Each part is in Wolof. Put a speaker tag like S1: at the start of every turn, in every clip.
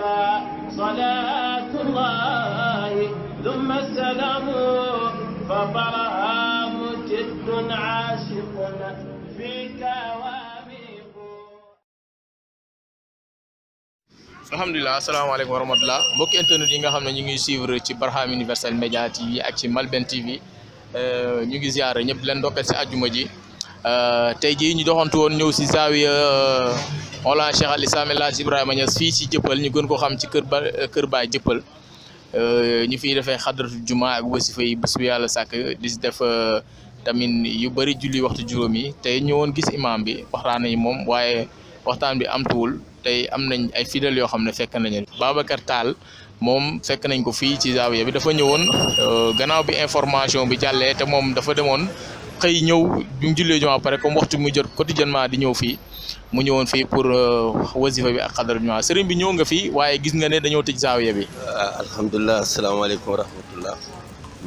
S1: عليك صلاة الله ثم السلام فطرها مجد عاشق فيك واميق
S2: alhamdulilah asalaamaaleykum wa rahmatulah mbokki internet yi nga xam ne ñu ngi suivre ci Barham Universel Media TV ak ci Malben TV euh, ñu ngi ziare ñëpp leen ndokkeel si àjjuma ji euh, tey jii ñu doxantu woon ñëw si zaawiya euh, Mawlana Cheikh Al Islam El Hadj Ibrahima Niass fii ci jëppal ñu gën ko xam ci kër ba kër baay jëppal euh, ñu fiy defee xadratu juma ak wasifa yi bés bu yàlla sàkk di def euh, tamit yu bëri julli waxtu juróom yi tey ñëwoon gis imam bi waxtaan yi moom waaye waxtaan bi am amtuwul tey am nañ ay fidèles yoo xam ne fekk nañu Babacar Tall moom fekk nañ ko fii ci zaawiya bi dafa ñëwoon euh, gannaaw bi information bi jàllee te moom dafa demoon xëy ñëw bi mu jullee jumaa pare comme waxtu mu jot quotidiennement di ñëw fii mu ñëwoon fii pour euh, wasifa bi ak xadara jumaa sëriñ
S1: bi ñëw nga fii waaye gis nga ne dañoo tëj zaawiya bi ah, alhamdulilah asalaamaaleykum wa rahmatullah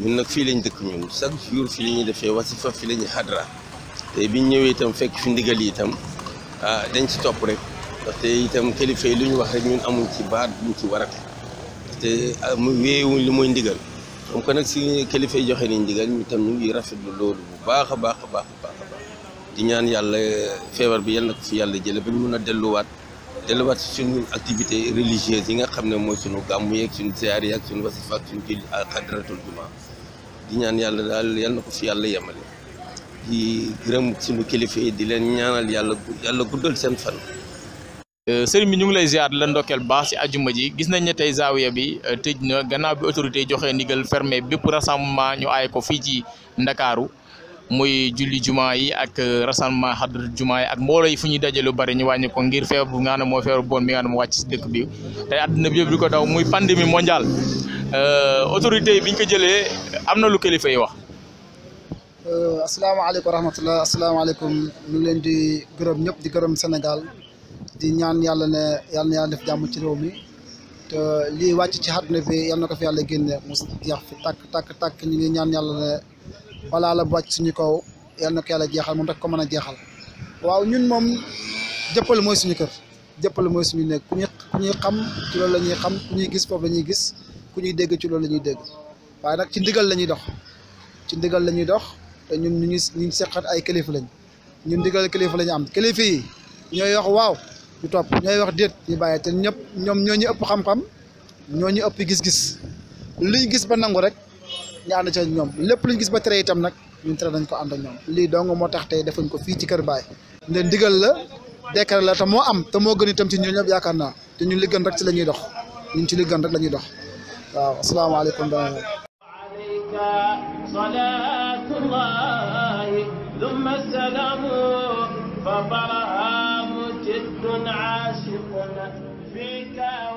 S1: ñun nag fii lañ dëkk ñun chaque jour fii la ñuy defee wasifa fii la ñuy xadra te biñ ñëwee itam fekk fi ndigal yi itam ah, dañ ci topp rek ndaxte itam kilifa yi lu ñu wax rek ñun amuñ ci baat buñ ci warate te ah, mu wéewuñ lu mooy ndigal comme kon nag si kilifa yi joxe nañ ndigal ñu tam ñu rafet lu loolu bu baax a baax a baax baax di ñaan yàlla feebar bi yal na ko fi yàlla jële ba ñu mun a delluwaat delluwaat si suñu activité religieuse yi nga xam ne mooy suñu gàmmu yeeg suñu ziyaar yi ak suñu wasifa ak suñu julli ak xadratul juma di ñaan yàlla daal yal na ko fi yàlla yemale di gërëm suñu kilifa yi di leen ñaanal yàlla yàlla guddal seen fan Euh, sëriñ bi ñu ngi lay ziar la
S2: ndokkeel baax ci ajuma ji gis nañ ne tey zaawiya bi euh, tëj na gannaaw bi autorité yi joxe ndigal fermé bépp rassemblement ñu aay ko fii ci ndakaaru muy julli juma yi ak euh, rassemblement xadr juma yi ak mboolo yi fu ñuy dajale lu bari ñu wàññi ko ngir feeb bu nga moo feebar bon bi nga xam ne wàcc ci dëkk bi tey àdduna bi yëpp di ko daw muy pandémie mondiale autorité yi biñ ko jëlee am na lu kilifa yi wax.
S3: asalaamaaleykum wa rahmatulah asalaamaaleykum di ñaan yàlla ne yàlla na def jàmm ci réew mi te lii wàcc ci àdduna bi yàlla na ko fi yàlla génne mu jeex tàkk tàkk tàkk ñu ngi ñaan yàlla ne balaa la bu wàcc suñu kaw yàlla na ko yàlla jeexal moom rek ko mën a jeexal waaw ñun moom jëppal mooy suñu kër jëppal mooy suñu nekk ku ñuy ku ñuy xam ci loolu la ñuy xam ku ñuy gis foofu la ñuy gis ku ñuy dégg ci loolu la ñuy dégg waaye nag ci ndigal la ñuy dox ci ndigal la ñuy dox te ñun ñu ngi ñu seqat ay kilifa lañ ñun ndigal kilifa la am kilifa ñu topp ñooy wax déet ñu bàyyi te ñëpp ñoom ñoo ñu ëpp xam-xam ñoo ñu ëpp gis-gis liñ gis ba nangu rek ñu ànd ca ñoom lépp luñ gis ba tere itam nag ñun tere nañ ko ànd ak ñoom lii dong moo tax tey defuñ ko fii ci kër baay leen digal la dekkare la te moo am te moo gën itam ci ñun yaakaar naa te ñun liggan rek ci la ñuy dox ñun ci li rek la ñuy dox waaw asalaamaaleykum dana
S1: شقنا
S3: بك